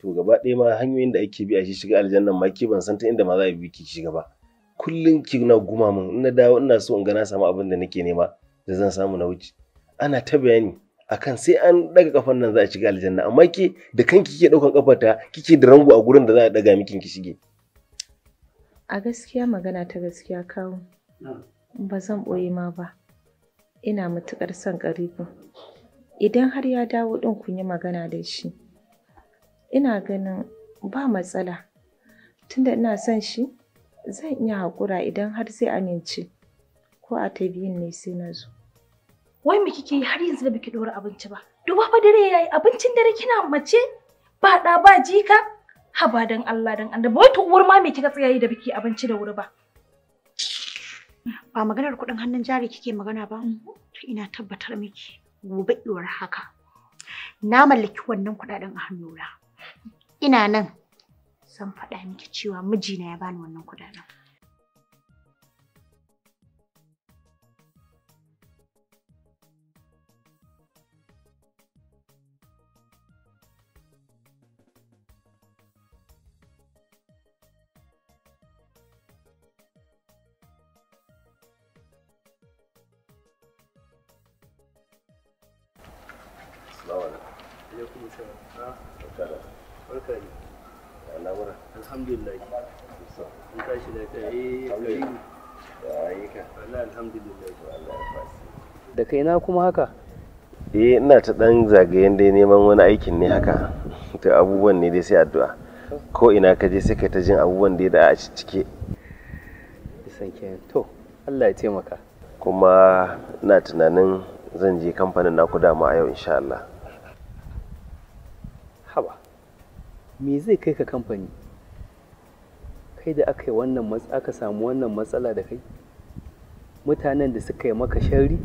to gaba ɗaya ma hanyoyin da ake bi a shi shiga aljannan ma ke ban san ta inda ma za a bi ki shiga ba kullum ki na guma min in na dawo ina so in ga na samu abin da nake nema da zan samu na wuce ana ta bayani akan sai an daga kafan nan za a shiga aljanna amma ke da kanki kike daukan ta kike da rango a gurin da za a daga miki ki shige a gaskiya magana ta gaskiya kawo ba zan boye ma ba ina matukar son karibin idan har ya dawo din kun yi magana da shi ina ganin ba matsala tunda ina son shi zan iya haƙura idan har zai amince ko a ta biyun ne sai na zo. Wai me kike yi har yanzu da biki ɗora abinci ba? Duba fa dare yayi abincin dare kina mace ba ɗa ba jika haba dan Allah dan Allah wai to uwar ma me kika tsaya yi da biki abinci da wuri ba? Ba maganar kuɗin hannun jari kike magana ba? Mm-hmm. ina tabbatar miki gobe iwar haka. Na mallaki wannan kuɗaɗen a hannuna. ina nan zan faɗa miki cewa mijina ya bani wannan kudaden. Assalamu alaikum. Eh, da kaina kuma haka eh ina ta dan zagayen dai neman wani aikin ne haka ta abubuwan ne dai sai addu'a ko ina ka je sai ka ta jin abubuwan dai da a cike to Allah ya taimaka kuma ina tunanin zan je kamfanin naku dama a yau insha haba me zai kai ka kamfani kai da aka yi wannan aka samu wannan matsala da kai mutanen da suka yi maka shari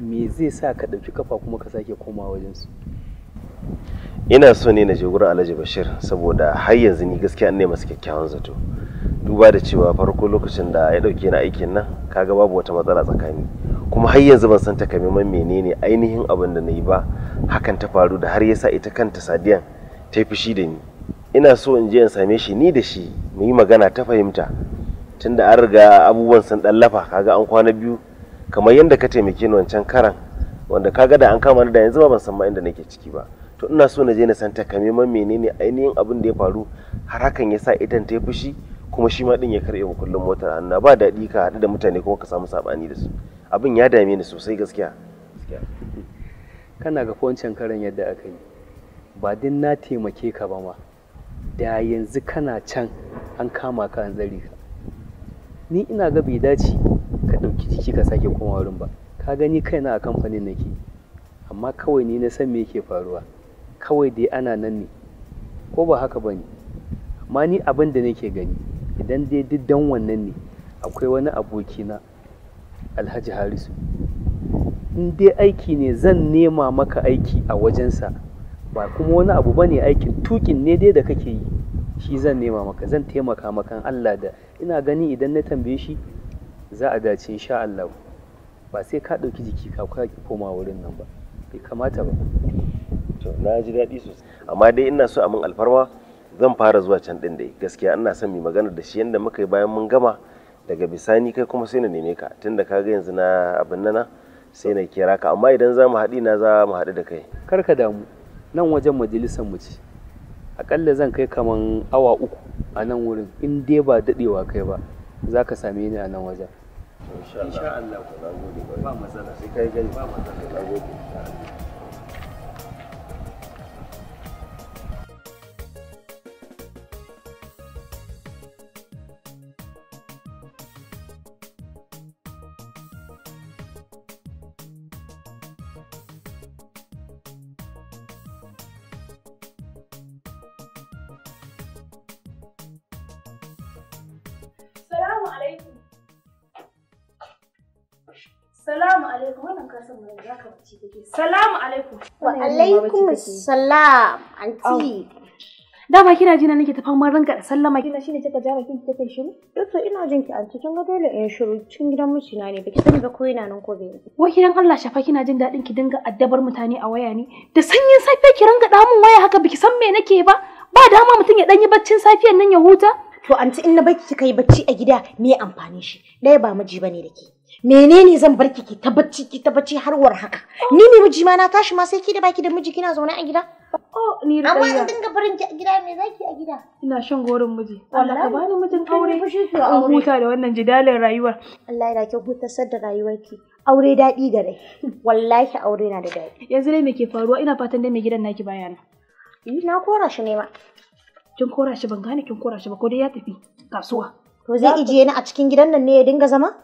me zai sa ka ɗauki kafa kuma ka sake koma wajensu ina so ne na je wurin alhaji bashir saboda har yanzu ni gaskiya ne masu kyakkyawan zato duba da cewa farko lokacin da ya dauke na aikin nan kaga babu wata matsala tsakani kuma har yanzu ban san takamaiman menene ainihin abin da na yi ba hakan ta faru da har yasa ita kanta sadiyan ta fushi da ni ina so in je in same shi ni da shi mu yi magana ta fahimta tunda an riga abubuwan sun dan lafa kaga an kwana biyu kamar yadda ka taimake ni wancan karan wanda kaga da an kama ni da yanzu ba ban san ma inda nake ciki ba to ina so na je na san takamaiman menene ainihin abin da ya faru har hakan ya sa idan ta fushi kuma shi ma din ya mu kullum motar hannu ba daɗi ka haɗu da mutane kuma ka samu saɓani da su abin ya dame ni sosai gaskiya kana ga wancan karan yadda aka yi ba din na taimake ka ba ma da yanzu kana can an kama ka an tsare ka ni ina ga bai dace ka ɗauki jiki ka sake koma wurin ba ka gani kaina a kamfanin nake amma kawai ni na san me yake faruwa kawai dai ana nan ne ko ba haka ba ne amma ni abin da nake gani idan dai duk dan wannan ne akwai wani aboki na, alhaji harisu in dai aiki ne zan nema maka aiki a wajensa ba kuma wani abu ba ne aikin tukin ne dai da kake yi shi zan nema maka zan taimaka maka Allah da ina gani idan na tambaye shi za a dace insha Allah ba sai ka ɗauki jiki ka ki koma wurin nan ba bai kamata ba to na ji daɗi sosai amma dai ina so a min alfarma zan fara zuwa can ɗin dai gaskiya ina son mu magana da shi yanda muka yi bayan mun gama daga bisani kai kuma sai na neme ka tunda ka ga yanzu na abin nana sai na kira ka amma idan za mu haɗi na za mu haɗu da kai kar ka damu nan wajen majalisar mu ce akalla zan kai kaman awa uku a nan wurin in dai ba dadewa kai ba za ka same ni a nan wajen insha Allah ba matsala sai kai gani ba matsala salam anti dama kina jina nake ta famar ranka da sallama kina shine kika ja bakin kika shiru eh to ina jin ki anti kin ga dole in shiru cikin gidan na ne baki sani ba ko na nan ko bai wai kiran Allah shafa kina jin dadin ki dinga addabar mutane a waya ne da sanyin safe ki ranga da mun waya haka baki san me nake ba ba dama mutum ya danyi baccin safiyar nan ya huta to anti in na baki kika yi bacci a gida me amfani shi dai ba miji bane da ke menene zan bar ki ta bacci ki ta bacci har war haka ni ne miji ma na tashi ma sai ki da baki da miji kina zaune a gida oh ni da amma in dinga barin ki a gida me zaki a gida ina shan gorin miji Allah ka bani mijin aure an huta da wannan jidalin rayuwar Allah ya dake hutasar da rayuwarki aure daɗi rai. wallahi aure na da daɗi yanzu dai me ke faruwa ina fatan dai mai gidan naki baya na na kora shi ne ma kin kora shi ban gane kin kora shi ba ko dai ya tafi kasuwa to zai ijiye ni a cikin gidan nan ne ya dinga zama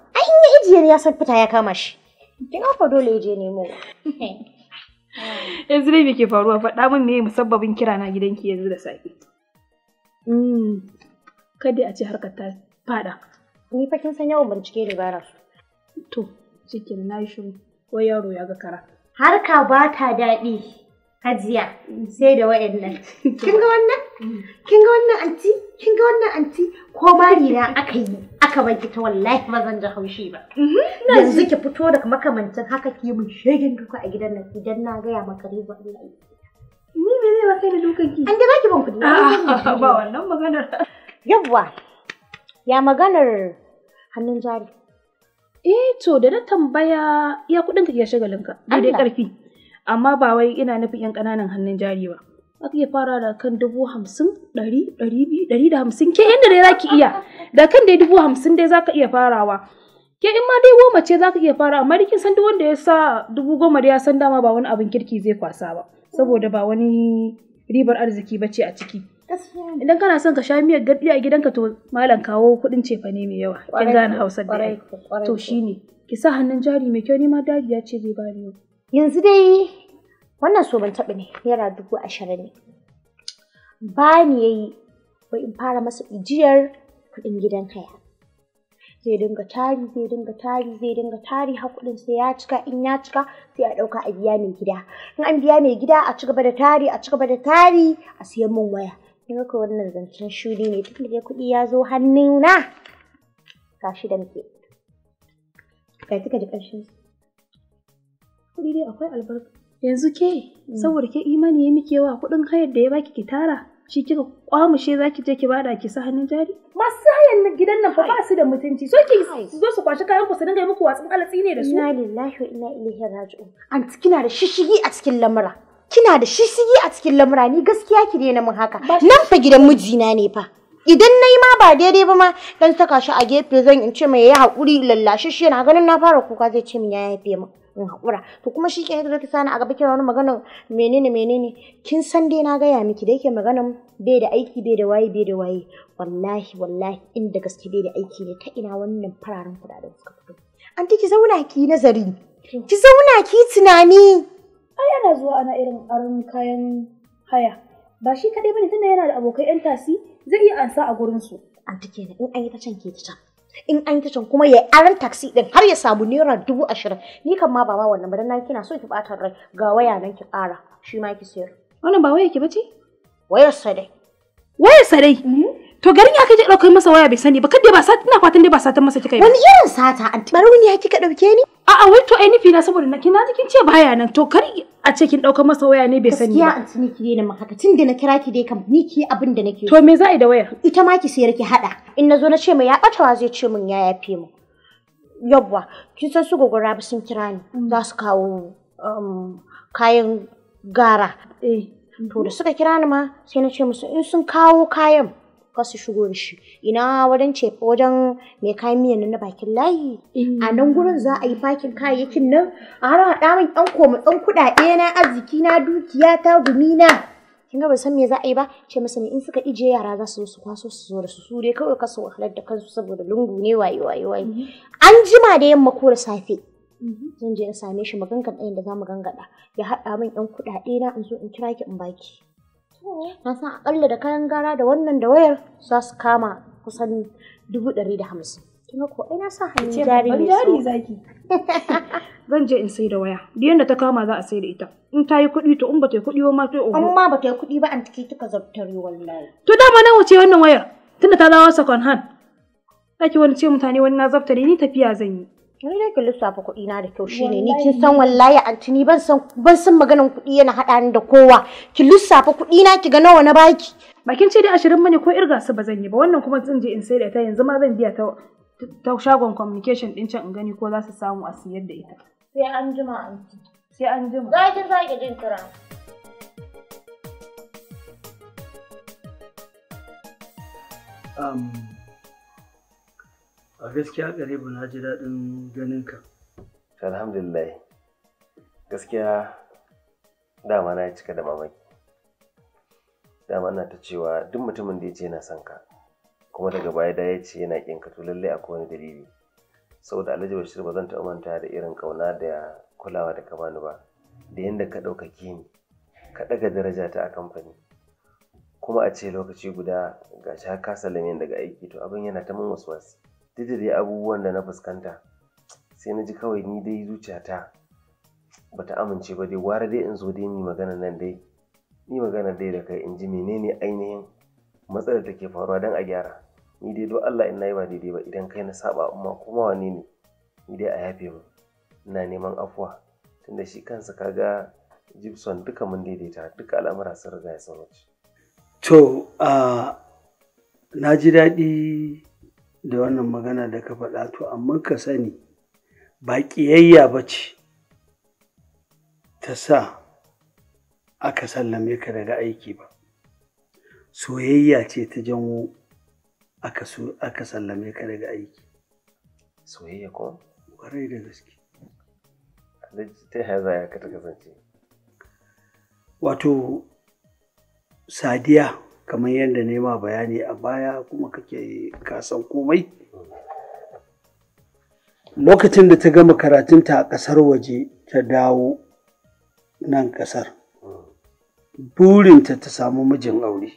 Rijiyar ya san fita ya kama shi. Kin fa dole ya je nemo. Yanzu dai me ke faruwa faɗa min me musabbabin kira na gidanki yanzu da safe. Hmm. Kada a ce harkar ta fada. Ni fa kin san yawan bincike da bara. To, cikin na shi ko yaro ya ga kara. Harka ba ta daɗi. Hajiya sai da wayannan. Kin ga wannan? Kin ga wannan anti? Kin ga wannan anti? Ko bari na aka yi aka bar ki ta wallahi ba zan ji haushi ba. Mhm, Yanzu ki fito daga makamancin haka ki mun shegin duka a gidan nan idan na gaya maka riba Allah. Ni me zai maka da dukan ki? An da ki ban kudi. Ah, ba wannan maganar. Yabwa. Ya maganar hannun jari. Eh to da na tambaya ya kudin ka ya shagalinka. Dai karfi. amma ba wai ina nufin 'yan ƙananan hannun jari ba. Za iya fara da kan dubu hamsin, ɗari, ɗari biyu, ɗari da hamsin, ke inda dai za ki iya. Da kan dai dubu hamsin dai za ka iya farawa. Ke in ma dai goma ce za ka iya fara, amma dukkan san duk wanda ya sa dubu goma da ya san dama ba wani abin kirki zai kwasa ba. Saboda ba wani ribar arziki ba ce a ciki. Idan kana son ka sha miyar garɗi a gidanka to malam kawo kuɗin cefane mai yawa. Kin gane Hausa da To shine. Ki sa hannun jari mai kyau ni ma ya ce zai bani yau. yanzu dai wannan so ban taɓa ne naira dubu ashirin ne ba ni ya yi ba in fara masa ijiyar kuɗin gidan kaya. zai dinga tari zai dinga tari zai dinga tari har kuɗin sai ya cika in ya cika sai a ɗauka a biya mai gida in an biya mai gida a cigaba da tari a cigaba da tari a siyan min waya in haka wannan zancen shuri ne tun da kuɗi ya zo hannuna shi da muke ga tuka da ƙarshen kuɗi dai akwai albarka yanzu ke mm. saboda ke imani ya miki yawa kuɗin hayar da ya baki ki tara shi kika kwamushe za ki je ki bada ki sa hannun jari masu hayan gidan nan fa ba su da mutunci so ki zo su kwashi kayan ku su dinga yi muku watsin alatsi ne da su inna lillahi wa inna ilaihi raji'un anti kina da shishigi a cikin lamura kina da shishigi a cikin lamura ni gaskiya ki daina mun haka nan fa gidan mijina ne fa idan na yi ma ba daidai ba ma dan saka shi a gefe zan in ce mai ya haƙuri lallashe shi yana ganin na fara kuka zai ce min ya yafe mu in haƙura to kuma shi kenan da ta sani a gaba kira wani magana menene menene kin san dai na gaya miki da yake magana bai da aiki bai da waye bai da waye wallahi wallahi inda gaske bai da aiki ne ta ina wannan fararen kudaden suka fito anti ki zauna ki nazari ki zauna ki tunani ai ana zuwa ana irin aron kayan haya ba shi kaɗai bane tunda yana da abokai yan tasi zai iya ansa a gurin su anti kenan in an yi ta can ke ta can in an kicin kuma ya aran taxi din har ya samu naira dubu ashirin ni kan ma ba ma wannan ba dan kina so ki bata rai ga waya nan ki kara shi ma ki sayar wannan ba waya ki bace waya sadai waya wayar mhm. to garin ya kai ɗaukar masa waya bai sani ba kadai ba sata ina fatan dai ba satan masa kika yi wani irin sata anti bari wani ya kika ɗauke ni A'a wai to ai nufi na saboda na kina kin ce baya nan to kar a ce kin dauka masa waya ne bai sani ba. Gaskiya anti ni kire na haka tun da na kira ki dai kam ni ki abin da nake. To me za a yi da wayar? Ita ma ki sayar ki hada. In nazo na ce mai ya batawa zai ce min ya yafe mu. Yabwa, kin san su gogora ba sun kira ni. Mm. Za su kawo um, kayan gara. Eh. To da suka kira ni ma sai na ce musu in sun kawo kayan Ka su shigo da shi ina wajen cefa wajen mai kayan miyan na bakin layi mm. a nan gurin za a yi fakin kayayyakin nan a har haɗa min ɗan koma ɗan kuɗaɗe na arziki na dukiya ta gumi na kin ga ban san me za a yi ba ce masa ne in suka ije yara za su zo su kwaso su zo da su su dai kawai su wahalar da kansu saboda lungu ne waye waye waye mm-hmm. an jima da yamma ko da safe mm-hmm. zan je in same shi magangan ɗayan da za mu gangada ya haɗa min ɗan kuɗaɗe na in zo in kira ki in baki na san akalla da kayan gara da wannan da wayar za su kama kusan dubu ɗari da hamsin kuma ko ai na sa hannun jari ne jari zaki zan je in sai da waya biyan da ta kama za a sai da ita in ta yi kuɗi to in ba ta yi kuɗi ba ma to oho amma ba ta yi kuɗi ba an take tuka zabtare wallahi to dama nan wuce wannan wayar tunda ta dawo second hand Zaki wani ce mutane wani na zabtare ni tafiya zan yi Ni dai ki lissafa kuɗi na da kyau shine ni kin san wallahi anti ni ban san ban san maganan kuɗi yana hada ni da kowa. Ki lissafa kuɗi na ki ga nawa na baki. Bakin ce dai ashirin mani ko irga su ba zan yi ba wannan kuma zan je in sai da ta yanzu ma zan biya ta ta shagon communication din can in gani ko za su samu a siyar da ita. Sai an jima anti. Sai an jima. Za ki sake jin kira. Um, A gaskiya Karibu na ji daɗin ganin ka. Alhamdulillah. Gaskiya dama na cika da mamaki. Dama na ta cewa duk mutumin da ya ce yana son ka kuma daga baya da ya ce yana ƙin ka to lallai akwai wani dalili. Saboda Alhaji Bashir ba zan taɓa manta da irin ƙauna da kulawa da ka bani ba da yadda ka ɗaukake ni ka ɗaga daraja ta a kamfani. Kuma a ce lokaci guda ga har ka salame daga aiki to abin yana ta min wasu wasu. duk da dai abubuwan da na fuskanta sai na ji kawai ni dai zuciyata ta amince ba dai ware dai in zo dai ni magana nan dai ni magana dai da kai in ji menene ainihin matsalar da ke faruwa don a gyara ni dai do Allah in na yi ba daidai ba idan kai na saba amma kuma wane ne ni dai a yafe mu ina neman afuwa tunda shi kansa ga Gibson duka mun daidaita duka al'amura sun riga ya sun wuce to ah, na ji daɗi da wannan magana da ka faɗa to amma ka sani ba ƙiyayya ba ce ta sa aka sallame ka daga aiki ba soyayya ce ta janwo aka sallame ka daga aiki soyayya ko? ƙwarai da gaske ta yaya za ka ta kasance wato sadiya kamar yadda nema bayani a baya kuma kake kasan komai lokacin da ta gama karatunta a ƙasar waje ta dawo nan kasar burinta ta samu mijin aure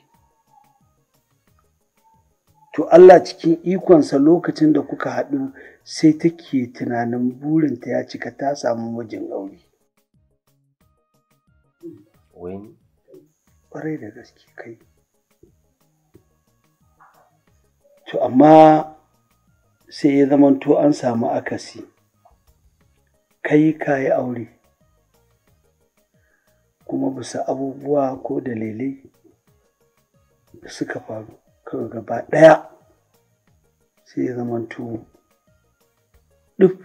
to Allah cikin ikonsa lokacin da kuka haɗu sai take tunanin burinta ya cika ta samu mijin aure ƙwarai da gaske kai to amma sai ya zamanto an samu akasi kai ka yi aure kuma bisa abubuwa ko dalilai da suka faru kawai gaba ɗaya sai ya to duk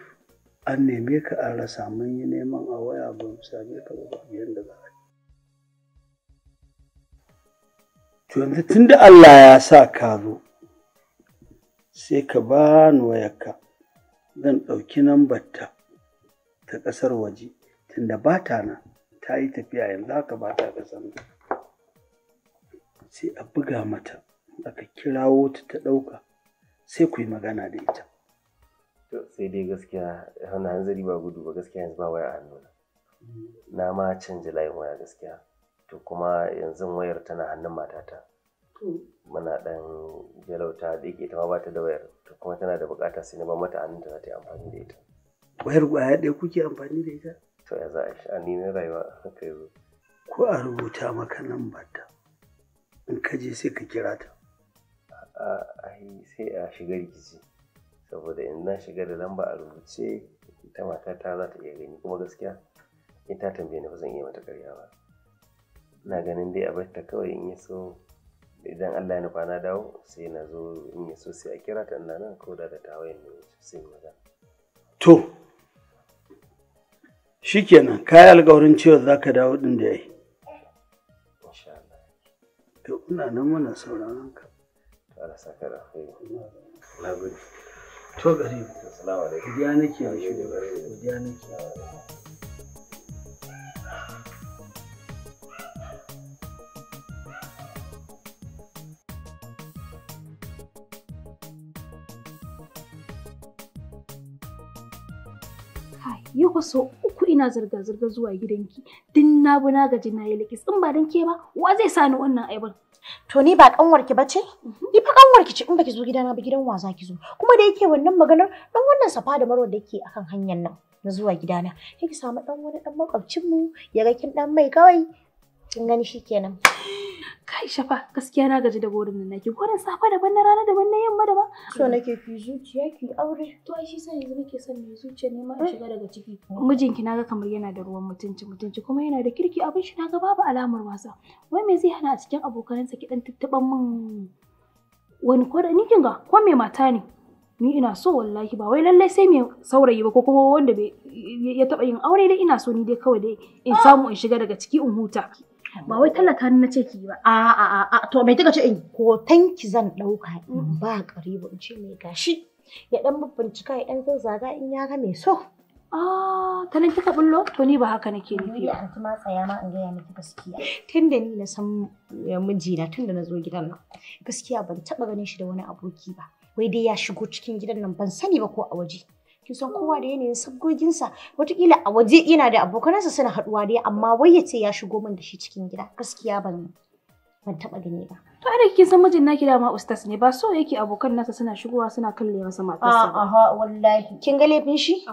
an neme ka an rasa mun yi neman a waya ba mu same ka ba yadda za a yi to yanzu tun da Allah ya sa ka zo sai ka ba ni wayarka zan ɗauki nambarta ta ƙasar waje tunda ba ta na ta yi tafiya yanzu haka ba ta ƙasar sai a buga mata aka kirawo ta ta ɗauka sai ku yi magana da ita sai dai gaskiya hana hanzari ba gudu ba gaskiya yanzu ba waya a hannuna mm. na ma canji layin waya gaskiya to kuma yanzu wayar tana hannun matata muna ɗan jalauta da yake ita ma ba ta da wayar kuma tana da bukata sai na mata hannun da za ta yi amfani da ita wayar gwaya ɗaya kuke amfani da ita to ya za a ni na rayuwa haka yanzu ko a rubuta maka nan ta in ka je sai ka kira ta a sai a shiga rikici saboda in na shiga da lamba a rubuce ita ta za ta iya gani kuma gaskiya in ta tambaye ni ba zan iya mata karya ba ina ganin dai a bar ta kawai in yi so idan Allah ya nufa na dawo sai na zo in yi so sai a kira ta ina nan ko da ta tawayen ne sai mu ga to shikenan kai alƙawarin cewa zaka dawo din da yayi insha Allah to ina nan muna sauraron ka Allah saka da alheri na gode to gari assalamu alaikum godiya nake da shi godiya nake yau so uku ina zirga-zirga zuwa gidanki din na bu na gaji na yi likis in ba dan ke ba wa zai sa ni wannan aibin to ni ba kanwarki bace mhm. ni fa kanwarki ce in baki zo gidana ba gidan wa zaki zo kuma da yake wannan maganar dan wannan safa da marwa da yake akan hanyar nan na zuwa gidana ki samu dan wani dan makwabcin mu ya ga kin dan mai kawai kin gani shikenan kai shafa gaskiya na gaji da gorin nan nake gorin safa daban na rana daban na yamma daban so nake fi zuciya ki aure to ai shi sai yanzu nake son mai zuciya ne ma eh. shiga daga ciki mijinki naga kamar yana da ruwan mutunci mutunci kuma yana da kirki abin shi naga babu alamar wasa wai me zai hana a cikin abokanansa ki dan tuttuban min wani ko da ni kinga ko mai mata ne ni ina so wallahi ba wai lallai sai mai saurayi ba ko kuma wanda ya taba yin aure dai ina so ni dai kawai dai in ah! samu in shiga daga ciki in huta ba wai tallata ni nace ki ba a a a to mai kika ce in ko ki zan dauka in ba ba in ce mai gashi ya dan bincika ya dan zaga in ya ga mai so Ah, ta nan kika bullo? To ni ba haka nake nufi ba. Ni ma tsaya ma in gaya miki gaskiya. Tunda ni na san eh, mijina tunda na zo gidan nan. Gaskiya ban taba ganin shi da wani aboki ba. Wai dai ya shigo cikin gidan nan ban sani ba ko a waje. kisan kowa da yanayin sabgoginsa watakila a waje yana da abokanansa suna haduwa dai amma wai ya ce ya shigo min da shi cikin gida gaskiya ban ban taɓa gani ba. To ai kin san mijin naki dama ustaz ne ba so yake abokan nasa suna shigowa suna kalle masa matarsa. A'a wallahi kin ga laifin shi? To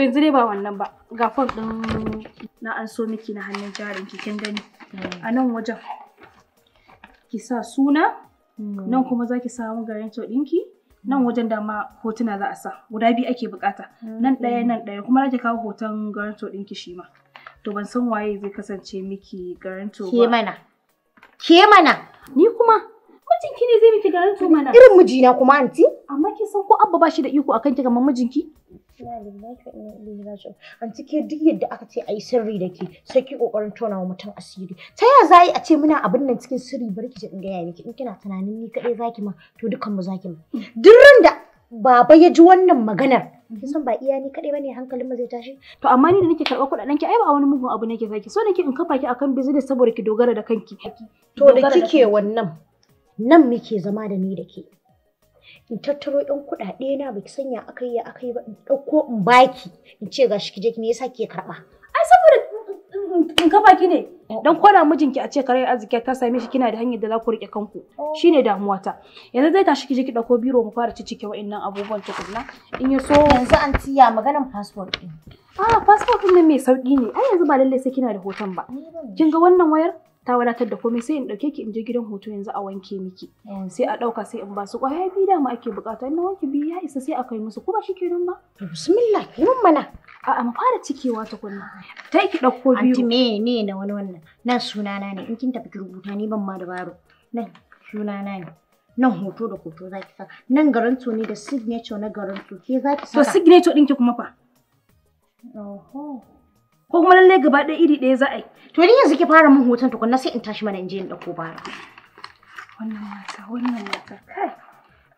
yanzu dai ba wannan ba ga fon ɗin na an so miki na hannun jarin ki kin gani hmm. a nan wajen ki sa suna hmm. nan kuma zaki samu garin ɗinki. nan wajen dama hotuna za a sa guda biyu ake bukata nan ɗaya nan ɗaya kuma za kawo hoton garanto ɗin ki shi ma to ban san waye zai kasance miki garanto ba ke mana ke mana ni kuma ki ne zai miki garanto mana irin mijina kuma anti amma ki san ko abba ba shi da iko akan ki kamar mijinki Ina lillahi wa inna ilaihi raji'un. An cike duk yadda aka ce ayi sirri da ke sai ki kokarin tona wa mutum asiri. Ta ya za a ce muna abin nan cikin sirri bari ki in gaya miki in kina tunanin ni kaɗai zaki ma to dukan mu zaki ma. Duk ran baba ya ji wannan maganar kin san ba iya ni kaɗai bane hankalin mu zai tashi to amma ni da nake karɓar kuɗaɗen ki ai ba wani mugun abu nake zaki so nake in kafa ki akan business saboda ki dogara da kanki to da kike wannan nan muke zama da ni da ke in tattaro ɗan kuɗaɗe na baki sanya akai ya akai ba in ɗauko in baki in ce gashi kije ki me yasa ke karɓa ai saboda in kafa ki ne oh. dan koda mijinki a ce kare arziki ta same shi kina da hanyar da za ku rike kanku oh. ne damuwa ta yanzu zai tashi kije ki ɗauko biro mu fara cicike wa'annan abubuwan tukunna in ya so yanzu an tiya maganan passport ɗin ah passport din mai sauki ne ai yanzu ba lallai sai kina da hoton ba kin ga wannan wayar ta wadatar da komai sai in dauke ki in je gidan hoto yanzu a wanke miki sai a dauka sai in ba su kwaya da dama ake bukata ina na wanke biyu ya isa sai a kai musu kuma shi kenan ba bismillah ki mun mana a mu fara cikewa tukunna ta ki dauko biyu anti me me na wani wannan nan sunana ne in kin tafi rubuta ni ban ma da baro nan sunana ne nan hoto da hoto za ki saka nan garanto ne da signature na garanto ke za ki saka to signature ki kuma fa oho ko kuma lallai gaba ɗaya iri ɗaya za a yi to ni yanzu ki fara min hoton tukunna sai in tashi mana in je in ɗauko bara wannan mata wannan mata kai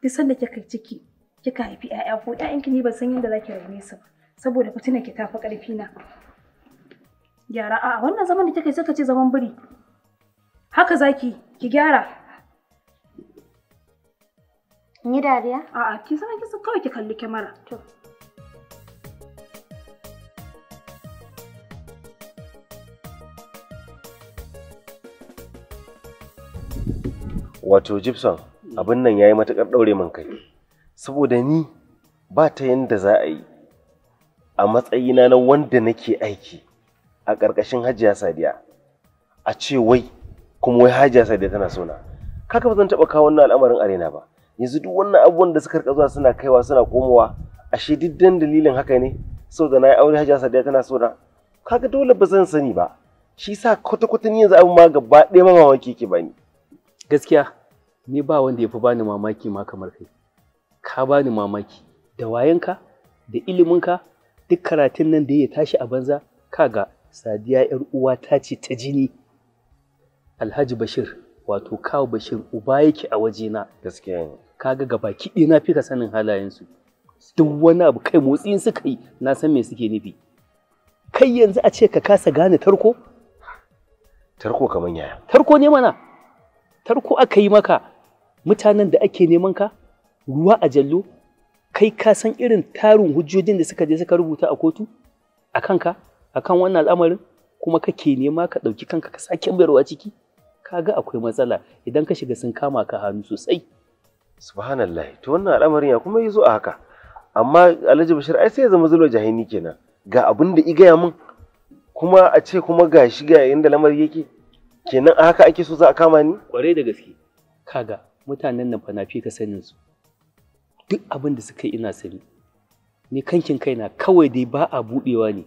duk sanda kika ciki kika haifi ƴaƴa ko ƴaƴanki ne ban san yadda ki rabe su ba saboda tuna ki tafi ƙarfi na gyara a'a wannan zaman da kika yi sai ka ce zaman biri haka zaki ki gyara Ni dariya? A'a, ki sanar ki kawai ki kalli kyamara. To. wato gypsum abin nan ya yi matuƙar ɗaure kai saboda ni ba ta yadda za a yi a matsayina na wanda nake aiki a ƙarƙashin hajiya sadiya a ce wai kuma wai hajiya sadiya tana sona kaka ba zan taɓa kawo wannan al'amarin arena ba yanzu duk wannan abubuwan da suka zuwa suna kaiwa suna komowa ashe duk dan dalilin haka ne saboda na yi aure hajiya sadiya tana sona kaga dole ba zan sani ba shi sa kwata-kwata ni yanzu abin ma gaba ɗaya mamaki ke bani gaskiya ni ba wanda ya fi bani mamaki ma kamar kai ka bani mamaki da wayanka da iliminka duk karatun nan da ya tashi a banza ka ga. sadiya yar uwa ta ce ta jini alhaji bashir wato kawo bashir uba yake a waje na? gaskiya ne kaga gaba kiɗi na fi ka sanin su. duk wani abu kai motsi suka yi na san me suke nufi kai yanzu a ce ka kasa gane tarko tarko kamar yaya tarko ne mana tarko aka yi maka mutanen da ake neman ka ruwa a jallo kai ka san irin tarin hujjojin da suka je suka rubuta a kotu a kanka a kan wannan al'amarin kuma kake nema ka ɗauki kanka ka sake bayarwa ciki kaga akwai matsala idan ka shiga sun kama ka hannu sosai subhanallah to wannan al'amarin ya kuma yazo a haka amma alhaji bashir ai sai ya zama zulo jahini kenan ga abin da gaya min kuma a ce kuma ga shi ga inda lamari yake kenan a haka ake so za a kama ni kwarai da gaske kaga mutanen nan fa na fi ka sanin su duk abin da suka yi ina sani ni kankin kaina kawai dai ba a buɗewa ne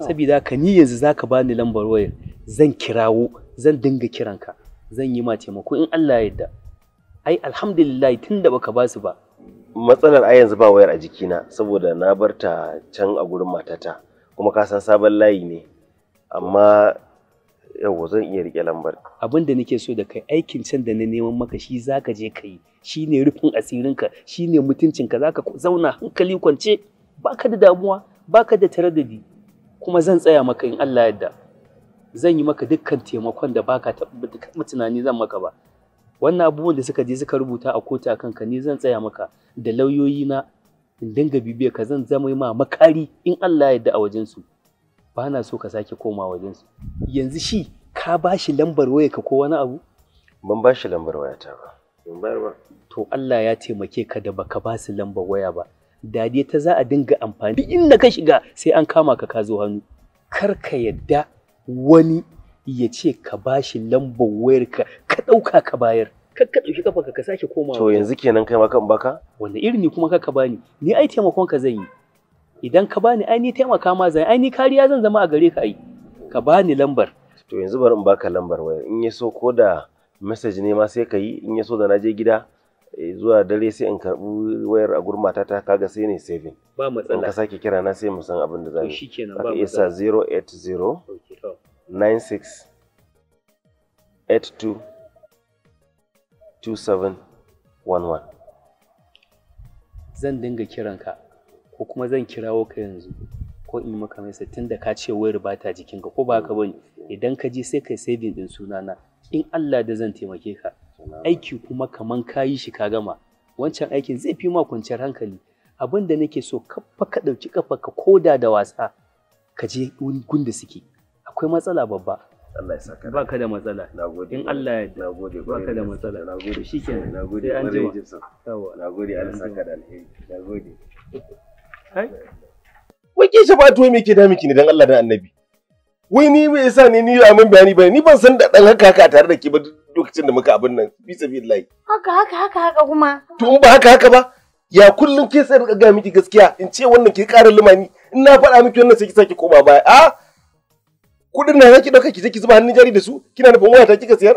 saboda ka ni yanzu zaka bani lambar wayar zan kirawo zan dinga kiranka zan yi ma taimako in Allah ya yarda ai alhamdulillah tunda baka ba su ba matsalar a yanzu ba wayar a jikina saboda na bar ta can a gurin matata kuma ka san sabon layi ne amma yau zan iya rike lambar abin da nake so da kai aikin can da na neman maka shi zaka je ka yi shi ne rufin asirinka shi ne mutuncinka ka zauna hankali kwance baka da damuwa baka da taradadi kuma zan tsaya maka in Allah yadda zan yi maka dukkan taimakon da baka taɓa tunani zan maka ba wannan abubuwan da suka je suka rubuta a kota kanka ni zan tsaya maka da lauyoyi na in dinga bibiya ka zan zama ma makari in Allah ya yarda a wajen su ba na so ka sake koma wajen su. yanzu shi ka ba shi lambar waya ka ko wani abu ban ba shi lambar waya ta ba ban bayar ba to Allah ya taimake ka da baka ba su lambar waya ba dadiya ta za a dinga amfani duk inda ka shiga sai an kama ka ka zo hannu kar ka yadda wani ya ce ka ba shi lambar wayar ka ka ɗauka ka bayar kar ka ɗauki kafa ka sake komawa to yanzu kenan kai ma kan baka wanda irin ne kuma ka ka bani ni ai taimakon ka zan yi idan ka bani aini taimaka ma zan aini kariya zan zama a gare ka ai ka bani lambar to yanzu bari in baka lambar waya in ya so ko da message ne ma sai ka yi in ya so da na je gida eh, zuwa dare sai in karbi wayar a gurmata ta kaga sai ne saving ba matsala in ka sake kira na sai mu san abin da za shikenan ba matsala 080 96 82 2711 zan dinga kiranka ko kuma zan kirawo ka yanzu ko in maka mai tun da ka ce wayar ba ta jikinka ko ba ka bane idan ka je sai kai saving din sunana in Allah da zan taimake ka aiki kuma kaman ka yi shi ka gama wancan aikin zai fi ma kwanciyar hankali abin da nake so kafa ka ɗauki kafa ka koda da wasa ka je gun da suke akwai matsala babba Allah ya saka ba ka da matsala nagode in Allah ya nagode ba ka da matsala nagode shikenan nagode an ji yawa nagode Allah saka da alheri nagode Wai ke shafa to me ke da miki ne dan Allah dan Annabi? Wai ni me yasa ne ni a min bayani bane ni ban san da dan haka haka tare da ke ba lokacin da muka abin nan bi sabilillahi. Haka haka haka haka kuma. To in ba haka haka ba ya kullum ke sai ga miki gaskiya in ce wannan ke ƙara limani in na faɗa miki wannan sai ki sake koma baya a kuɗin na zaki ɗauka ki je ki zuba hannun jari da su kina nufin waya ta kika siyar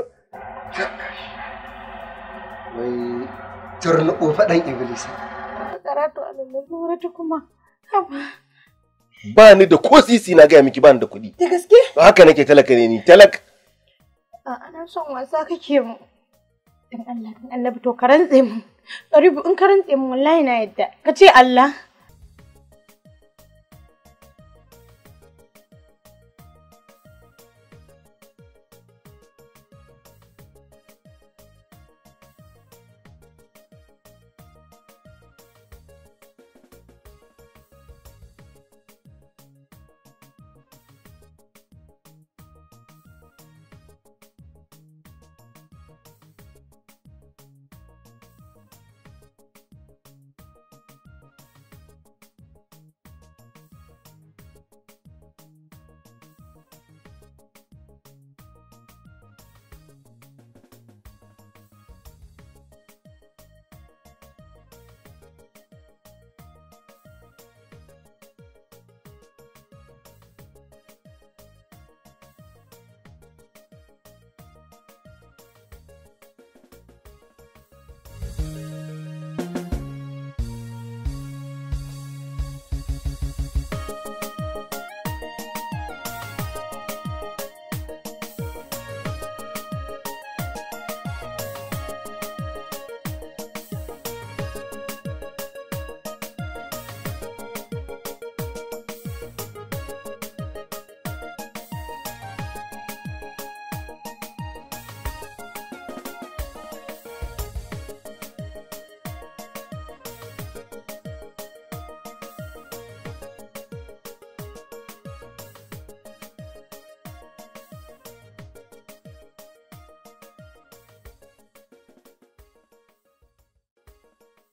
wai turnuɓo faɗan iblisa karatu a lura kuma. Ba ni da ko sisi na gaya miki ba ni da kuɗi. Da gaske? Haka nake talaka ne ni talak. A'a na son wasa kake mu. Allah Allah to ka rantse mu. Ɗari in ka rantse mu wallahi na yadda. Ka ce Allah.